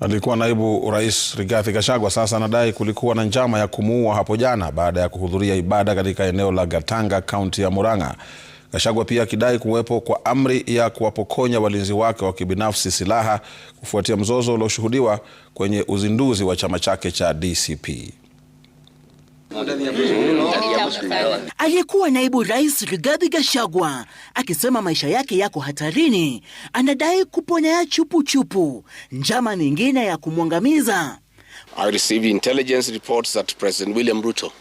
Alikuwa naibu rais Rigathi Gachagua sasa anadai kulikuwa na njama ya kumuua hapo jana baada ya kuhudhuria ibada katika eneo la Gatanga, kaunti ya Murang'a. Gachagua pia akidai kuwepo kwa amri ya kuwapokonya walinzi wake wa kibinafsi silaha kufuatia mzozo ulioshuhudiwa kwenye uzinduzi wa chama chake cha DCP. Mm. Aliyekuwa naibu rais Rigathi Gachagua akisema maisha yake yako hatarini, anadai kuponya chupuchupu njama nyingine ya kumwangamiza. I received intelligence reports that President William Ruto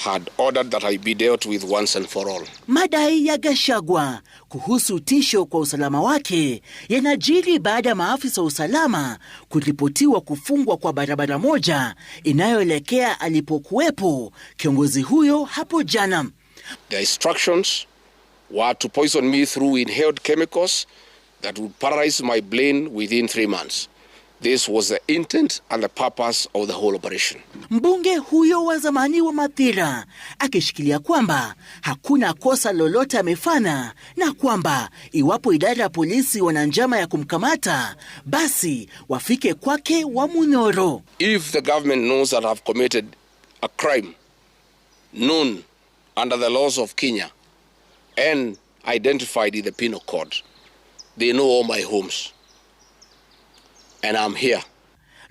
had ordered that I be dealt with once and for all. Madai ya Gashagwa kuhusu tisho kwa usalama wake yanajiri baada ya maafisa wa usalama kuripotiwa kufungwa kwa barabara moja inayoelekea alipokuwepo kiongozi huyo hapo jana. The instructions were to poison me through inhaled chemicals that would paralyze my brain within three months. This was the intent and the purpose of the whole operation. Mbunge huyo wa zamani wa Mathira akishikilia kwamba hakuna kosa lolote amefanya na kwamba iwapo idara ya polisi wana njama ya kumkamata basi wafike kwake wa Munyoro. If the government knows that I have committed a crime known under the laws of Kenya and identified in the penal code, they know all my homes and I'm here.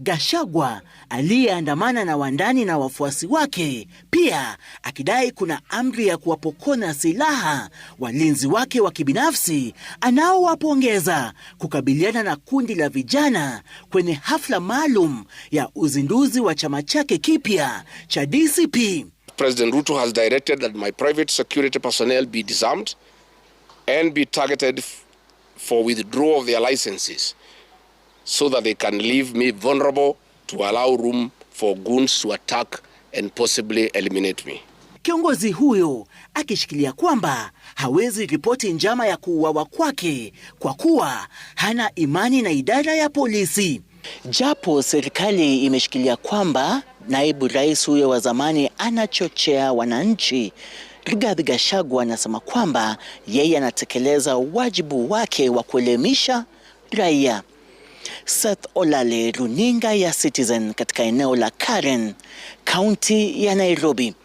Gashagwa aliyeandamana na wandani na wafuasi wake pia akidai kuna amri ya kuwapokona silaha walinzi wake wa kibinafsi anaowapongeza kukabiliana na kundi la vijana kwenye hafla maalum ya uzinduzi wa chama chake kipya cha DCP. President Ruto has directed that my private security personnel be disarmed and be targeted for withdrawal of their licenses so that they can leave me vulnerable to allow room for goons to attack and possibly eliminate me. Kiongozi huyo akishikilia kwamba hawezi ripoti njama ya kuuawa kwake kwa kuwa hana imani na idara ya polisi. Japo serikali imeshikilia kwamba naibu rais huyo wa zamani anachochea wananchi, Rigathi Gachagua anasema kwamba yeye anatekeleza wajibu wake wa kuelimisha raia. Seth Olale, runinga ya Citizen katika eneo la Karen, kaunti ya Nairobi.